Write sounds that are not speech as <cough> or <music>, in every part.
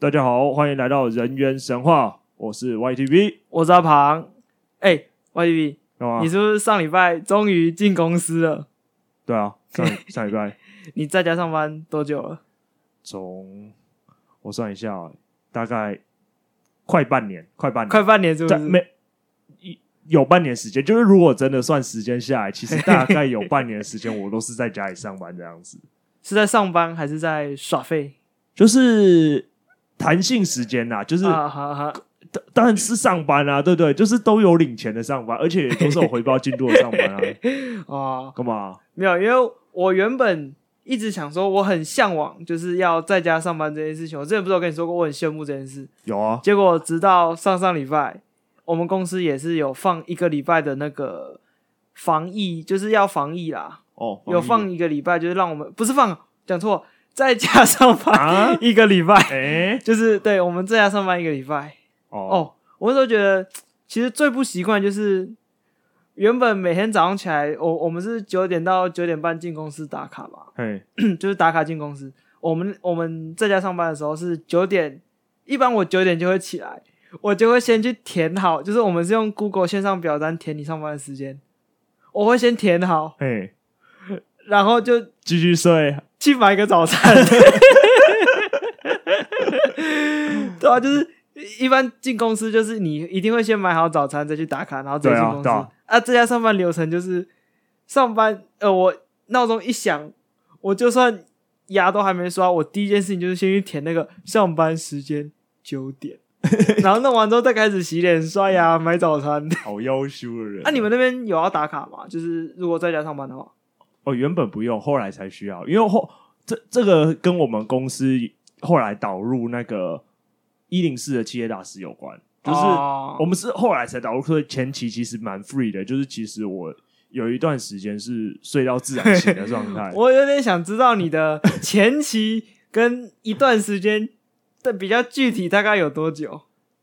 大家好，歡迎來到人猿神話。我是 YTV，我是阿龐。哎，欸，YTV，啊，你是不是上禮拜終於進公司了？對啊，上 <laughs> 上禮拜。你在家上班多久了？從我算一下，大概快半年，快半年，快半年是不是？沒有半年時間，就是如果真的算時間下來，其實大概有半年的時間，我都是在家裡上班這樣子。 <laughs> 是在上班還是在耍廢？就是。彈性時間吶、啊，就是，好，哈當當然是上班啊，對不對，就是都有領錢的上班，而且都是有回報進度的上班啊。啊， <laughs> oh. 幹嘛？沒有，因為我原本一直想說，我很向往就是要在家上班這件事情。我之前不是有跟你說過，我很羨慕這件事。有啊。結果直到上上禮拜，我們公司也是有放一個禮拜的那個防疫，就是要防疫啦。哦、oh。有放一個禮拜，就是讓我們不是放，講錯。在家上班，啊，一個禮拜，欸，就是對我們在家上班一個禮拜。哦，oh, 我那時候覺得，其實最不習慣就是，原本每天早上起來，我我們是九點到九點半進公司打卡嘛嘿，就是打卡進公司。我們我們在家上班的時候是九點，一般我九點就會起來，我就會先去填好，就是我們是用 Google 線上表單填你上班的時間，我會先填好。然後就繼續睡，去買個早餐。 <laughs> <laughs> 對啊，就是一般進公司就是你一定會先買好早餐再去打卡，然後再進公司。對啊，對啊，啊，在家上班流程就是上班，呃，我鬧鐘一響，我就算牙都還沒刷，我第一件事情就是先去填那個上班時間九點， <laughs> 然後弄完之後再開始洗臉刷牙買早餐。好夭壽的人。那、啊、你們那邊有要打卡嗎？就是如果在家上班的話。哦，原本不用，後來才需要，因為後，這，這個跟我們公司後來導入那個一零四的企業大師有關，就是我們是後來才導入，所以前期其實蠻 free 的，就是其實我有一段時間是睡到自然醒的狀態。 <laughs> 我有點想知道你的前期跟一段時間的比較具體大概有多久？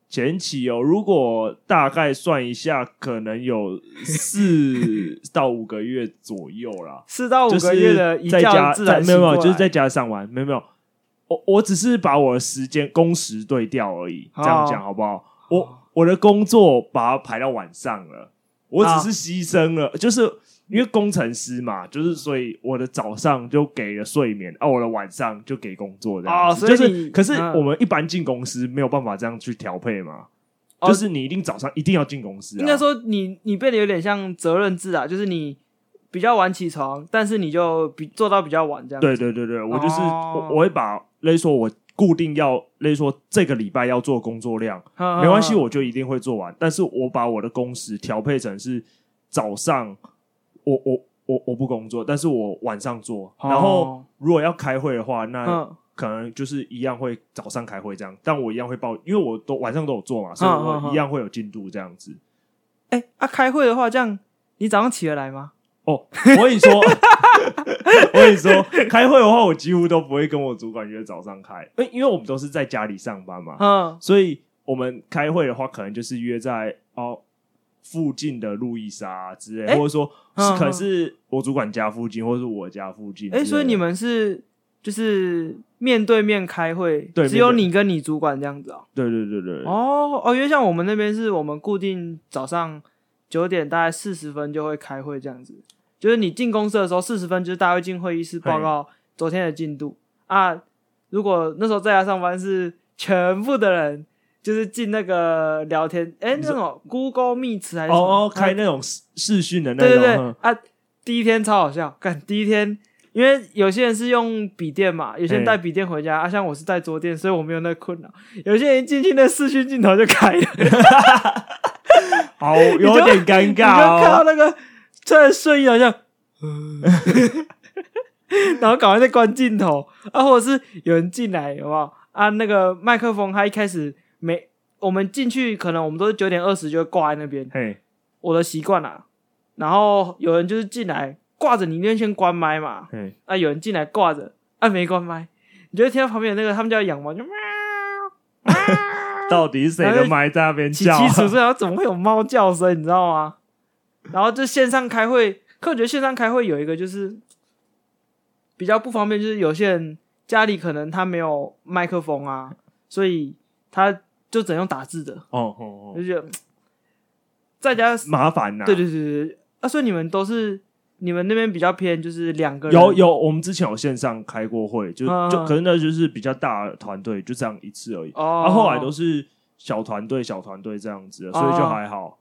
前期哦，如果大概算一下，可能有四到五個月左右啦。四到五個月的，在家自然沒有沒有， <laughs> 就是在家上玩沒有沒有。我我只是把我的時間工時對調而已，oh. 這樣講好不好？我我的工作把它排到晚上了，我只是犧牲了，oh. 就是。因為工程師嘛，就是所以我的早上就給了睡眠，而、啊、我的晚上就給工作這樣子啊、哦，所以、就是、可是我們一般進公司沒有辦法這樣去調配嘛，哦、就是你一定早上一定要進公司、啊。應該說你你變得有點像責任制啊，就是你比較晚起床，但是你就比做到比較晚這樣子。對對對對，我就是、哦、我，我會把，例如說，我固定要，例如說這個禮拜要做工作量，呵呵呵沒關係，我就一定會做完。但是我把我的工時調配成是早上。我我我我不工作，但是我晚上做。然後如果要開會的話，那可能就是一樣會早上開會這樣。哦、但我一樣會報，因為我都晚上都有做嘛，所以我一樣會有進度這樣子。哎、哦哦哦，啊，開會的話，這樣你早上起得來嗎？哦，我跟你說， <laughs> <laughs> 我跟你說，開會的話，我幾乎都不會跟我主管約早上開。因為我們都是在家裡上班嘛，嗯、哦，所以我們開會的話，可能就是約在哦。附近的路易莎之類，欸、或者說是可是我主管家附近，欸、或者是我家附近。哎、欸，所以你們是就是面對面開會，只有對你跟你主管這樣子哦、喔。對對對對。哦哦，因為像我們那邊是我們固定早上九點大概四十分就會開會這樣子，就是你進公司的時候四十分，就是大家會進會議室報告昨天的進度嘿啊。如果那時候在家上班是全部的人。就是進那個聊天。誒、欸、說那種 Google Meet 還是哦哦，開、oh, okay, 啊，那種視視訊的那種。對對對、嗯、啊，第一天超好笑，看第一天，因為有些人是用筆電嘛，有些人帶筆電回家，嘿啊，像我是帶桌電，所以我沒有那個困擾。有些人進去那視訊鏡頭就開了， <laughs> <laughs> 好有點尷尬、啊，看到那個突然睡好像， <laughs> 然後搞完再關鏡頭啊，或者是有人進來有沒有？啊，那個麥克風，他一開始。沒，我們進去可能我們都是九點二十就會掛在那邊，嘿，我的習慣了。然後有人就是進來掛着，你那邊先關麥嘛。那嘿、啊、有人進來掛着，啊，沒關麥，你就會聽到旁邊有那個他們叫養貓就喵、喵 <laughs> 到底誰的麥在那邊叫？其實然後怎麼會有貓叫聲？你知道嗎？然後就線上開會， <laughs> 可我覺得線上開會有一個就是比較不方便，就是有些人家裡可能他沒有麥克風啊，所以他。就只能用打字的哦，oh, oh, oh. 就是在家麻煩吶、啊。對對對對，啊，所以你們都是你們那邊比較偏，就是兩個人。有有，我們之前有線上開過會，就、uh huh. 就可能那就是比較大的團隊，就這樣一次而已。然、uh huh. 啊、後來都是小團隊，小團隊這樣子，所以就還好。Uh huh.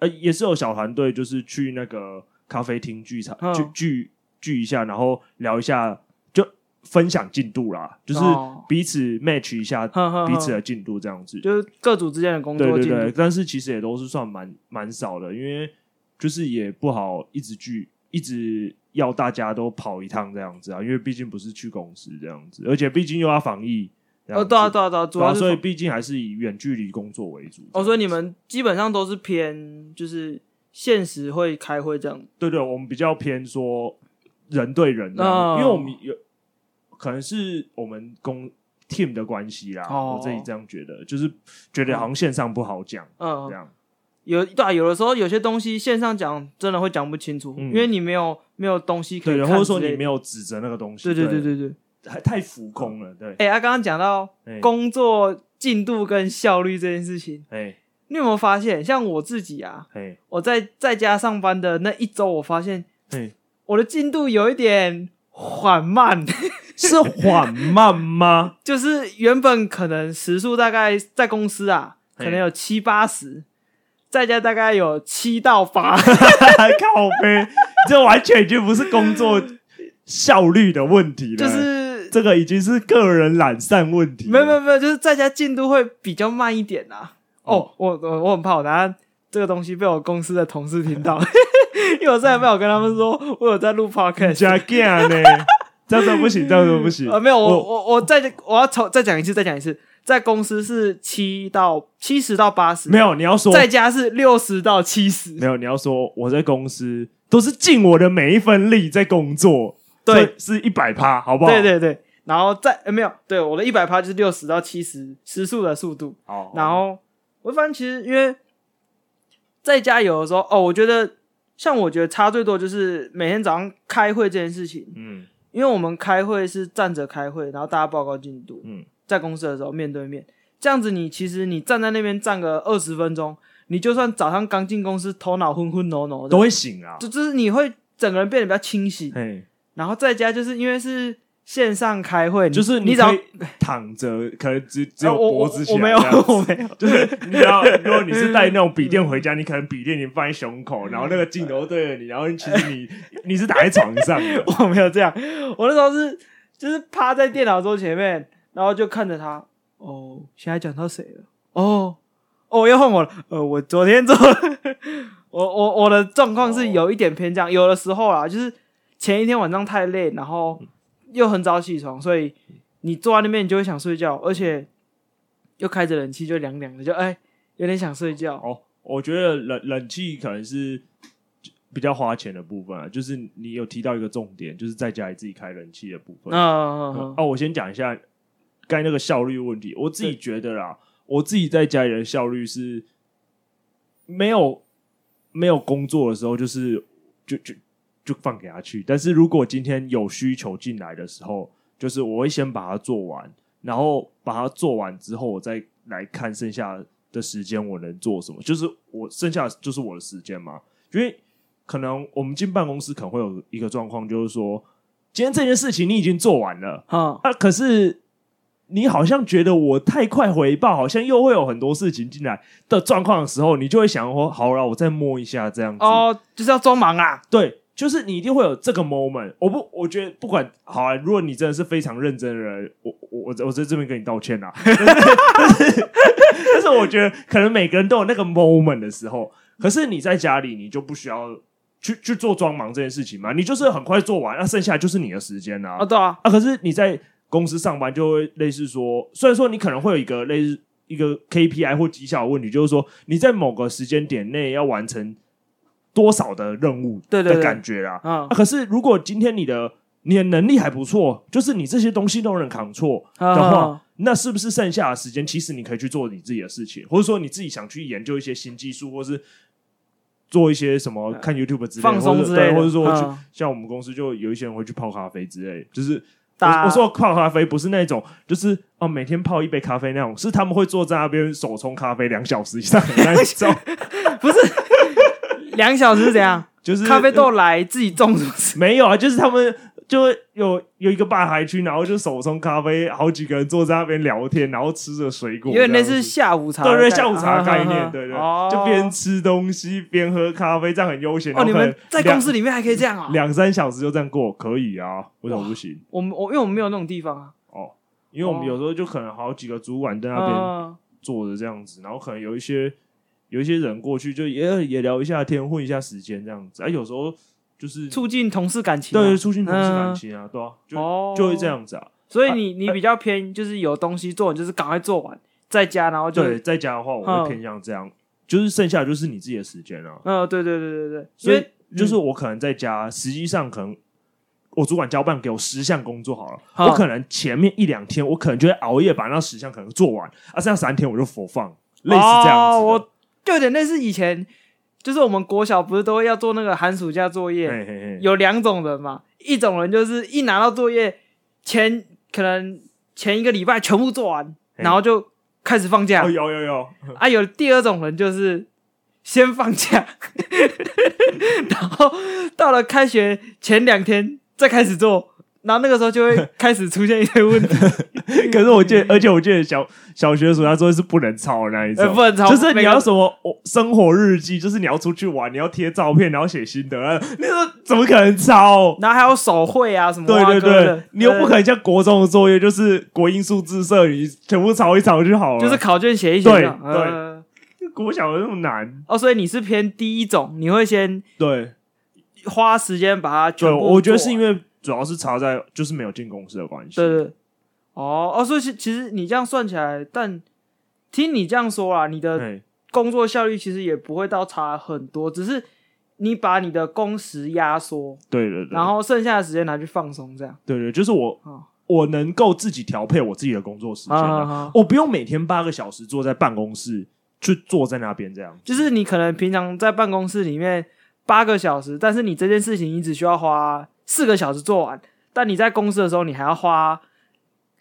呃，也是有小團隊，就是去那個咖啡廳聚餐，聚聚聚一下，然後聊一下。分享進度啦，就是彼此 match 一下彼此的進度，這樣子。就是各組之間的工作進度，對對、對，但是其實也都是算蠻蠻少的，因為就是也不好一直聚，一直要大家都跑一趟這樣子啊。因為畢竟不是去公司這樣子，而且畢竟又要防疫然後。哦，對啊，對啊，對啊，對啊，所以畢竟還是以遠距離工作為主。哦，所以你們基本上都是偏就是現實會開會這樣子。對、對對，我們比較偏說人對人這樣子，哦，因為我們有。可能是我們公 team 的關係啦，我自己這樣覺得，就是覺得好像線上不好講，嗯，這樣。有，對，有的時候有些東西線上講真的會講不清楚，因為你沒有沒有東西可以，或者說你沒有指責那個東西，對對對對對，還太浮空了，對。哎，剛剛講到工作進度跟效率這件事情，哎，你有沒有發現，像我自己啊，哎，我在在家上班的那一周，我發現，哎，我的進度有一點緩慢。 <laughs> 是緩慢嗎？ <laughs> 就是原本可能時速大概在公司啊，可能有七八十，在家大概有七到八。 <laughs> <laughs> 靠杯，這完全已經不是工作效率的問題了，就是這個已經是個人懶散問題。沒有沒有沒有，就是在家進度會比較慢一點啊。哦，哦我我我很怕我拿這個東西被我公司的同事聽到， <laughs> 因為我再也沒有跟他們說我有在錄 podcast 呢。 <laughs> 這樣都不行，這樣都不行。呃，沒有，我我我，我再我要重再講一次，再講一次，在公司是七到七十到八十，沒有，你要說在家是六十到七十，沒有，你要說我在公司都是盡我的每一分力在工作，對，是一百趴，好不好？對對對，然後在呃沒有，對我的一百趴就是六十到七十時速的速度。哦好，然後我發現其實因為在家有的時候，哦，我覺得像我覺得差最多就是每天早上開會這件事情，嗯。因為我們開會是站着開會，然後大家報告進度。嗯，在公司的時候面對面，這樣子，你其實你站在那邊站個二十分鐘，你就算早上剛進公司頭腦昏昏腦腦的都會醒啊！就就是你會整個人變得比較清醒。嘿然後在家就是因為是。線上開會就是你只要躺着，可能只只有脖子起來。我沒有，我沒有。就是你只要，如果你是帶那種筆電回家，你可能筆電已經放在胸口，然後那個鏡頭對着你，然後其實你你是打在床上的。我沒有這樣，我那時候是就是趴在電腦桌前面，然後就看着他。哦，現在講到誰了？哦哦，要換我了。呃，我昨天做，我我我的狀況是有一點偏這樣，有的時候啦，就是前一天晚上太累，然後。又很早起床，所以你坐在那邊，你就會想睡覺，而且又開着冷氣，就涼涼的，就哎、欸，有點想睡覺。哦，我覺得冷冷氣可能是比較花錢的部分啊。就是你有提到一個重點，就是在家裡自己開冷氣的部分。哦哦哦哦哦。啊。哦，我先講一下該那個效率問題。我自己覺得啦，對我自己在家裡的效率是沒有沒有工作的時候，就是就就。就放給他去，但是如果今天有需求進來的時候，就是我會先把它做完，然後把它做完之後，我再來看剩下的時間我能做什麼。就是我剩下就是我的時間嘛，因為可能我們進辦公室可能會有一個狀況，就是說今天這件事情你已經做完了、嗯、啊，那可是你好像覺得我太快回報，好像又會有很多事情進來的狀況的時候，你就會想說好啦，我再摸一下這樣子哦，就是要裝忙啊，對。就是你一定會有這個 moment，我不，我覺得不管好啊，如果你真的是非常認真的人，我我我在這邊跟你道歉啦、啊。 <laughs> 但是、但是我覺得可能每個人都有那個 moment 的時候，可是你在家裡你就不需要去去做裝忙這件事情嘛，你就是很快做完，那、啊、剩下就是你的時間啦、啊。啊，對啊，啊，可是你在公司上班就會類似說，雖然說你可能會有一個類似一個 KPI 或績效問題，就是說你在某個時間點內要完成。多少的任務的感覺啦，對對對、哦、啊？可是如果今天你的你的能力還不錯，就是你這些東西都能扛錯的話，哦哦，那是不是剩下的時間，其實你可以去做你自己的事情，或者說你自己想去研究一些新技術，或是做一些什麼看 YouTube 放鬆之類，的之類的，或，或者說我、哦、像我們公司就有一些人會去泡咖啡之類，就是打我，我說泡咖啡不是那種，就是哦每天泡一杯咖啡那種，是他們會坐在那邊手沖咖啡兩小時以上那種， <laughs> 不是。 <laughs> 兩小時是怎樣？就是咖啡豆來自己種是是，嗯，沒有啊，就是他們就有有一個半海區，然後就手沖咖啡，好幾個人坐在那邊聊天，然後吃着水果，因為那是下午茶，對，對對，下午茶概念，啊、呵呵對，對對，哦、就邊吃東西邊喝咖啡，這樣很悠閒。哦，你們在公司裡面還可以這樣啊、哦？兩三小時就這樣過，可以啊？為什麼不行？我們我因為我們沒有那種地方啊。哦，因為我們有時候就可能好幾個主管在那邊坐着這樣子，嗯、然後可能有一些。有一些人過去就也也聊一下天，混一下時間這樣子啊。有時候就是促進同事感情，對，促進同事感情啊，對啊，就就會這樣子啊。所以你你比較偏就是有東西做，就是趕快做完，在家然後就，對，在家的話我會偏向這樣，就是剩下就是你自己的時間了。嗯，對對對對對。所以就是我可能在家，實際上可能我主管交辦給我十項工作好了，我可能前面一兩天我可能就會熬夜把那十項可能做完，啊，剩下三天我就 for fun，類似這樣子。就有點類似以前，就是我們國小不是都要做那個寒暑假作業？嘿嘿有兩種人嘛，一種人就是一拿到作業前，可能前一個禮拜全部做完，嘿然後就開始放假。哦、有有有啊！有第二種人就是先放假， <laughs> 然後到了開學前兩天再開始做。然後那個時候就會開始出現一些問題，可是我記得，而且我記得小小學暑假作業是不能抄的那一次，不能抄，就是你要什麼生活日記，就是你要出去玩，你要貼照片，然後寫心得，那時候怎麼可能抄？然後還有手繪啊什麼，對對對，你又不可能像國中的作業，就是國英數字社，你全部抄一抄就好了，就是考卷寫一寫，對對，國小的那麼難哦，所以你是偏第一種，你會先對花時間把它，對，我覺得是因為。主要是差在就是沒有進公司的關係。對對，哦哦，所以其，其實你這樣算起來，但聽你這樣說啊，你的工作效率其實也不會到差很多，哎、只是你把你的工時壓縮。對，對對。然後剩下的時間拿去放鬆，這樣。對對，就是我、哦、我能夠自己調配我自己的工作時間啊啊啊啊，我不用每天八個小時坐在辦公室去坐在那邊這樣。就是你可能平常在辦公室裡面八個小時，但是你這件事情你只需要花。四個小時做完，但你在公司的時候，你還要花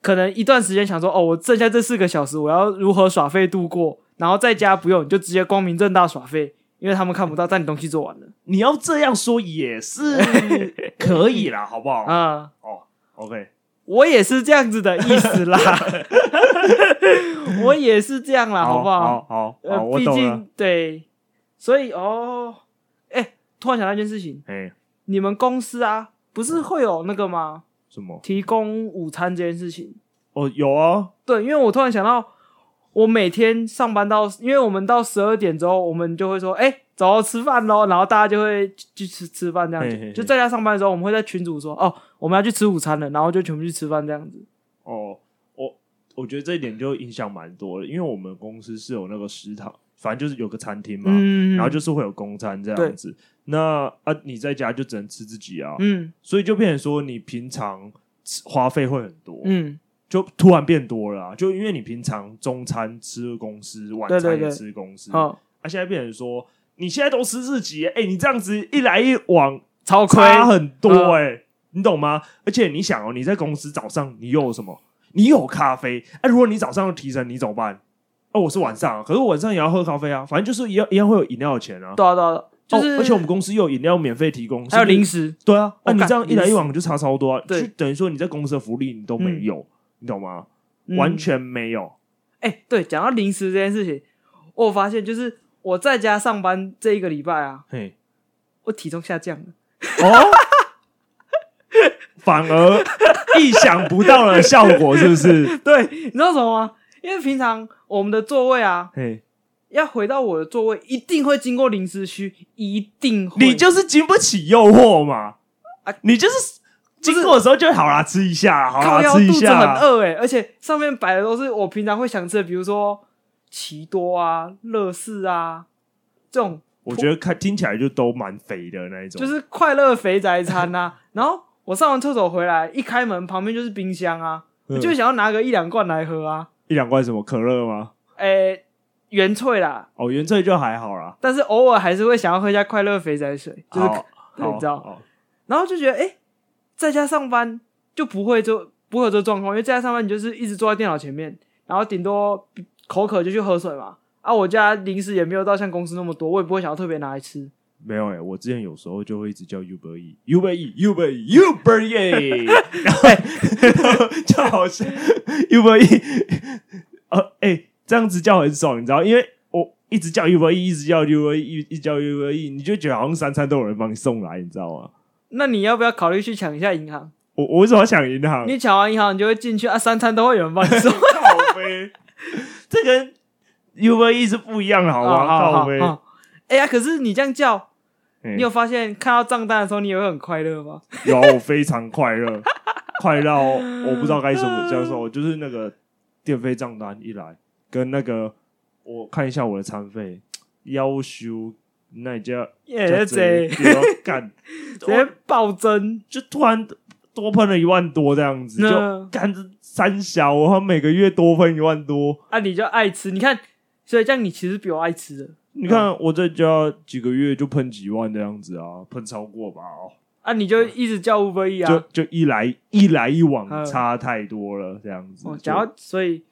可能一段時間想說，哦，我剩下這四個小時，我要如何耍廢度過？然後在家不用，你就直接光明正大耍廢，因為他們看不到，但你東西做完了，你要這樣說也是 <laughs> <laughs> 可以啦，好不好？啊、 <laughs> 嗯，哦、oh,，OK，我也是這樣子的意思啦， <laughs> <laughs> <laughs> 我也是這樣啦，oh, 好不好？好、oh, oh, 呃，我畢竟對，所以哦，哎、oh, 欸，突然想到一件事情，哎，Hey. 你們公司啊。不是會有那個嗎？什麼？提供午餐這件事情？哦，有啊。對，因為我突然想到，我每天上班到，因為我們到十二點之後，我們就會說：“哎、欸，走吃飯嘍！”然後大家就會去，去吃吃飯這樣子。嘿嘿嘿。就在家上班的時候，我們會在群組說：“哦，我們要去吃午餐了。”然後就全部去吃飯這樣子。哦，我我覺得這一點就影響蠻多的，因為我們公司是有那個食堂。反正就是有個餐廳嘛，嗯、然後就是會有公餐這樣子。對那啊，你在家就只能吃自己啊，嗯，所以就變成說你平常吃花費會很多，嗯，就突然變多了、啊。就因為你平常中餐吃公司，晚餐也吃公司，對對對啊現在變成說你現在都吃自己、欸，哎、欸，你這樣子一來一往，超虧差很多、欸，哎、嗯，你懂嗎？而且你想哦、喔，你在公司早上你又有什麼？你有咖啡，哎、啊，如果你早上要提神，你怎麼辦？哦，我是晚上，可是我晚上也要喝咖啡啊，反正就是一樣一樣會有飲料的錢啊。對啊，對啊，就是而且我們公司又有飲料免費提供，還有零食。對啊，哦，你這樣一來一往就差超多啊，就等於說你在公司的福利你都沒有，你懂嗎？完全沒有。哎，對，講到零食這件事情，我發現就是我在家上班這一個禮拜啊，嘿，我體重下降了哦，反而意想不到的效果，是不是？對，你知道什麼嗎？因為平常我們的座位啊，嘿要回到我的座位，一定會經過零食區，一定會。你就是經不起誘惑嘛，啊、你就是經過的時候就好啦，吃一下，不是好好吃一下。靠腰肚子真的很餓哎、欸，而且上面擺的都是我平常會想吃的，比如說奇多啊、樂事啊這種。我覺得看聽起來就都蠻肥的那一種，就是快樂肥宅餐吶、啊。 <laughs> 然後我上完廁所回來，一開門旁邊就是冰箱啊，嗯、我就想要拿個一兩罐來喝啊。一兩罐什麼可樂嗎？誒、欸，原萃啦。哦，原萃就還好啦，但是偶爾還是會想要喝一下快樂肥仔水，就是你知道。好然後就覺得，哎、欸，在家上班就不會就不會有這狀況，因為在家上班你就是一直坐在電腦前面，然後頂多口渴就去喝水嘛。啊，我家零食也沒有到像公司那麼多，我也不會想要特別拿來吃。沒有、欸、我之前有時候就會一直叫 Uber E、Uber E、Uber E、Uber E，然後叫好像 Uber E，呃、啊，哎、欸，這樣子叫很爽，你知道？因為我一直叫 Uber E，一直叫 Uber E，一直叫 Uber E，你就覺得好像三餐都有人幫你送來，你知道嗎？那你要不要考慮去搶一下銀行？我我為什麼要搶銀行？你搶完銀行，你就會進去啊，三餐都會有人幫你送。這跟 Uber E 是不一樣的，好嗎？靠杯。哎呀、哦欸啊，可是你這樣叫。你有發現看到賬單的時候你會很快樂嗎？有，我非常快樂，快樂哦，我不知道該怎麼講說，我就是那個電費賬單一來，跟那個我看一下我的餐費，夭壽那家，直要幹，直接暴增，就突然多噴了一萬多這樣子，就幹三小，我每個月多噴一萬多，啊，你就愛吃，你看，所以這樣你其實比我愛吃的。你看我在家幾個月就噴幾萬這樣子啊，噴超過吧？啊，啊你就一直叫不樂意啊？就就一來一來一往差太多了這樣子，然後、哦、所以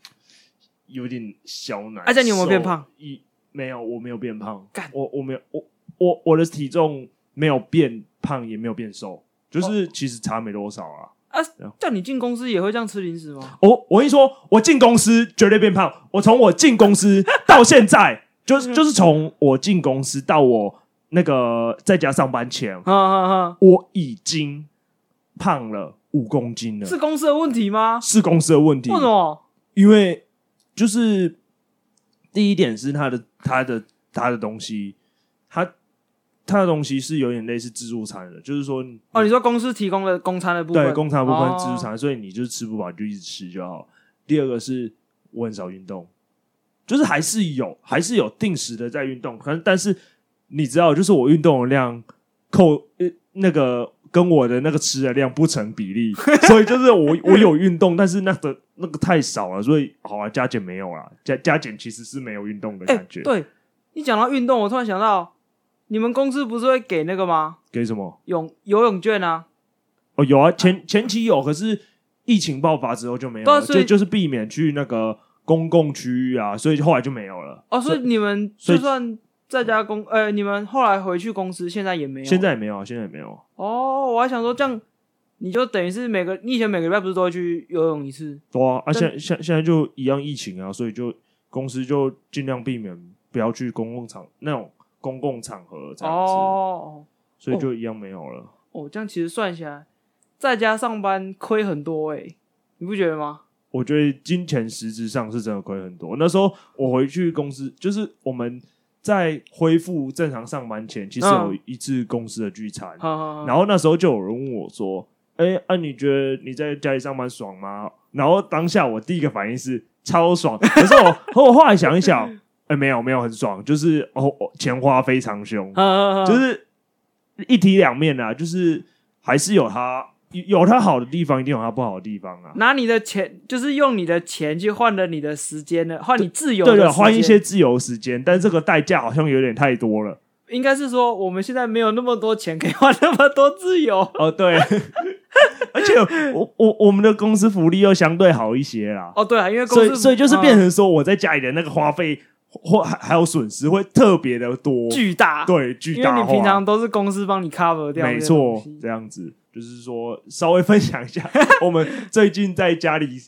有點小奶。而且、啊、你有沒有變胖？一沒有，我沒有變胖。幹，我我沒有我我我的體重沒有變胖，也沒有變瘦，就是其實差沒多少啊。啊，樣叫你進公司也會這樣吃零食嗎？哦，Oh, 我跟你說，我進公司絕對變胖。我從我進公司到現在。 <laughs> 就是就是從我進公司到我那個在家上班前，啊啊啊！我已經胖了五公斤了。是公司的問題嗎？是公司的問題。為什麼？因為就是第一點是他的他的他的東西，他他的東西是有點類似自助餐的，就是說哦，你說公司提供了公餐的部分，對，公餐的部分自助餐，哦、所以你就吃不飽就一直吃就好。第二個是我很少運動。就是還是有，還是有定時的在運動，可是但是你知道，就是我運動的量扣呃那個跟我的那個吃的量不成比例， <laughs> 所以就是我我有運動，但是那個那個太少了，所以好啊，加減沒有啊，加加減其實是沒有運動的感覺。欸、對，你講到運動，我突然想到你們公司不是會給那個嗎？給什麼？泳游，游泳券啊？哦有啊，前前期有，可是疫情爆發之後就沒有了，對啊、所以就，就是避免去那個。公共區域啊，所以後來就沒有了。哦，所以你們就算在家公，呃以、欸，你們後來回去公司現，現在也沒有，現在也沒有，啊，現在也沒有。哦，我還想說，這樣你就等於是每個，你以前每個禮拜不是都會去游泳一次？對啊，啊，現在現現在就一樣，疫情啊，所以就公司就盡量避免不要去公共場那種公共場合才、哦。哦，所以就一樣沒有了哦。哦，這樣其實算起來在家上班虧很多誒、欸，你不覺得嗎？我覺得金錢實質上是真的虧很多。那時候我回去公司，就是我們在恢復正常上班前，其實有一次公司的聚餐。Oh. 然後那時候就有人問我說：“哎、oh. 欸，那、啊、你覺得你在家裡上班爽嗎？”然後當下我第一個反應是超爽。可是我和我後來想一想，哎、 <laughs> 欸，沒有沒有很爽，就是哦錢花非常凶，oh. 就是一體兩面啊，就是還是有他。有它好的地方，一定有它不好的地方啊！拿你的錢，就是用你的錢去換了你的時間了，換你自由的時間，對對，換一些自由時間，但是這個代價好像有點太多了。應該是說，我們現在沒有那麼多錢可以換那麼多自由。哦，對， <laughs> 而且我我我們的公司福利又相對好一些啦。哦，對啊，因為公司所以所以就是變成說，我在家裡的那個花費或、嗯、還還有損失會特別的多，巨大對巨大，大因為你平常都是公司幫你 cover 掉，沒錯，這樣子。就是說，稍微分享一下我們最近在家裡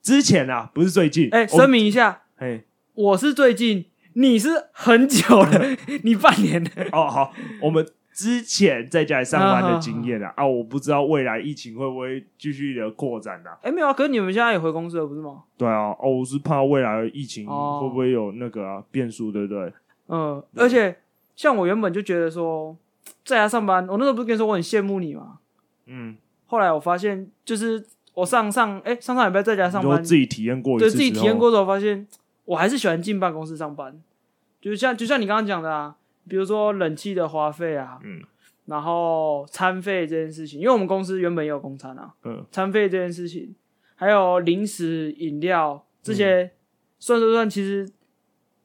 之前啊，不是最近哎，聲明一下，哎，我是最近，你是很久了，你半年了哦。好，我們之前在家裡上班的經驗啊，啊，我不知道未來疫情會不會繼續的擴展啊。哎，沒有啊，可是你們現在也回公司了，不是嗎？對啊，哦，我是怕未來的疫情會不會有那個啊變數，對不對？嗯，而且像我原本就覺得說，在家上班，我那時候不是跟你說我很羨慕你嗎？嗯，後來我發現，就是我上上哎、欸，上上禮拜在家上班，就自己體驗過一次，對，自己體驗過之後我發現，我還是喜歡進辦公室上班。就像就像你剛剛講的啊，比如說冷氣的花費啊，嗯，然後餐費這件事情，因為我們公司原本也有供餐啊，嗯，餐費這件事情，還有零食飲、飲料這些，算算算，其實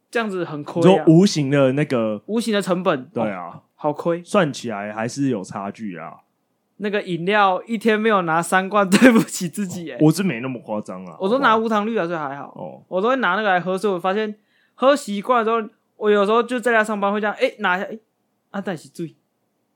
這樣子很虧、啊、就無形的那個無形的成本，對啊，哦、好虧，算起來還是有差距啊。那個飲料一天沒有拿三罐，對不起自己哎、欸哦！我是沒那麼誇張啦，好好我都拿無糖綠的，所以還好。哦，我都會拿那個來喝，所以我發現喝習慣之後，我有時候就在家上班會這樣，哎、欸，拿一下，哎、欸，啊，但是醉，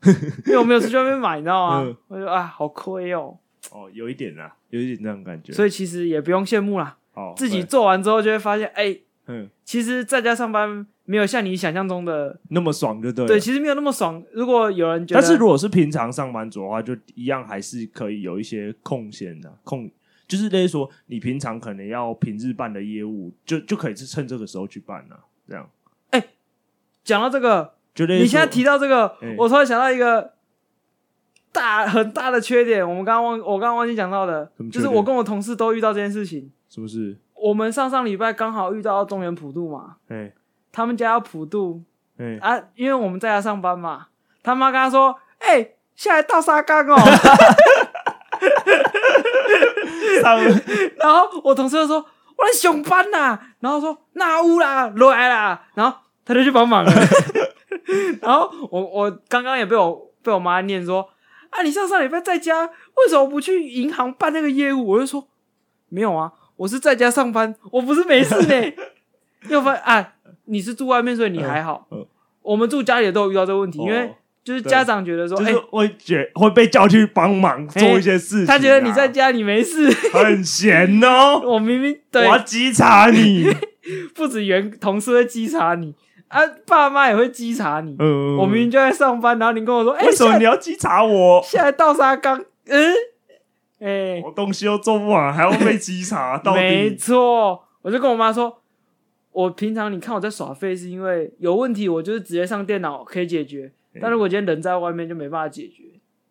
<laughs> 因為我沒有出去外面買，你知道嗎？呵呵我就啊，好虧哦、喔。哦，有一點啦，有一點這樣感覺，所以其實也不用羨慕啦。哦，自己做完之後就會發現，哎、欸，嗯呵，其實在家上班。沒有像你想象中的那麼爽，就對。對，其實沒有那麼爽。如果有人覺得，但是如果是平常上班族的話，就一樣還是可以有一些空閒的、啊、空，就是例如說，你平常可能要平日辦的業務，就就可以是趁這個時候去辦了、啊。這樣。哎、欸，講到這個，你現在提到這個，欸、我突然想到一個大很大的缺點，我們剛剛忘，我剛剛忘記講到的，就是我跟我同事都遇到這件事情，是不是？我們上上禮拜剛好遇到中元普渡嘛，欸他們家要普渡，嗯、啊，因為我們在家上班嘛，他媽跟他說：“哎、欸，下來倒沙缸哦、喔。” <laughs> <laughs> 然後我同事就說：“我在上班吶、啊。”然後說：“那烏啦，落來啦。”然後他就去幫忙了。 <laughs> 然後我我剛剛也被我被我媽念說：“啊，你上上禮拜在家，為什麼不去銀行辦那個業務？”我就說：“沒有啊，我是在家上班，我不是沒事呢、欸。” <laughs> 又翻啊。你是住外面，所以你還好。嗯，我們住家裡都有遇到這個問題，因為就是家長覺得說，哎，會覺會被叫去幫忙做一些事情。他覺得你在家裡沒事，很閒哦。我明明對，我要稽查你，不止員同事會稽查你，啊，爸媽也會稽查你。嗯，我明明就在上班，然後你跟我說，哎，為什麼你要稽查我？現在倒沙缸，嗯，哎，我東西都做不完，還要被稽查。沒錯，我就跟我媽說。我平常，你看我在耍廢，是因為有問題我就是直接上電腦可以解決，欸、但如果今天人在外面就沒辦法解決，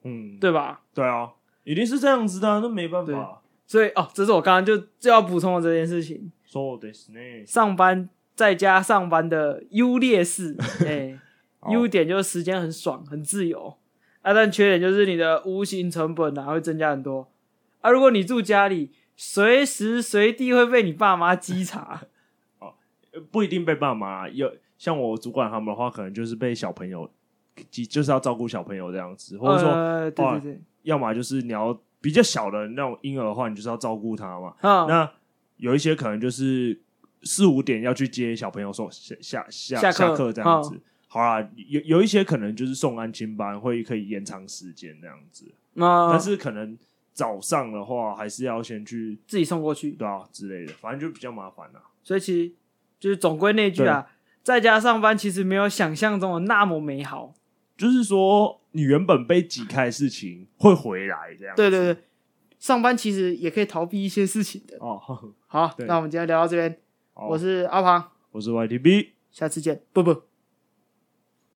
嗯，對吧？對啊，一定是這樣子的，啊，那沒辦法，所以哦，這是我剛剛就就要補充的這件事情。說的是上班在家上班的優劣勢，哎，優點就是時間很爽，很自由啊，但缺點就是你的無形成本啊會增加很多啊。如果你住家裡，隨時隨地會被你爸媽稽查。 <laughs> 不一定被爸媽，有像我主管他們的話，可能就是被小朋友，就是要照顧小朋友這樣子，或者說，對對對，要麼就是你要比較小的那種嬰兒的話，你就是要照顧他嘛。Oh. 那有一些可能就是四五點要去接小朋友，送下下下下課下課這樣子。Oh. 好啊，有有一些可能就是送安親班會可以延長時間這樣子，oh. 但是可能早上的話還是要先去自己送過去，對啊之類的，反正就比較麻煩了。所以其實。就是總歸那句啊，對在家上班其實沒有想象中的那麼美好。就是說，你原本被擠開的事情會回來這樣子。對對對，上班其實也可以逃避一些事情的。哦，呵呵，好，對那我們今天聊到這邊。好我是阿龐，我是 YTB，下次見。不不。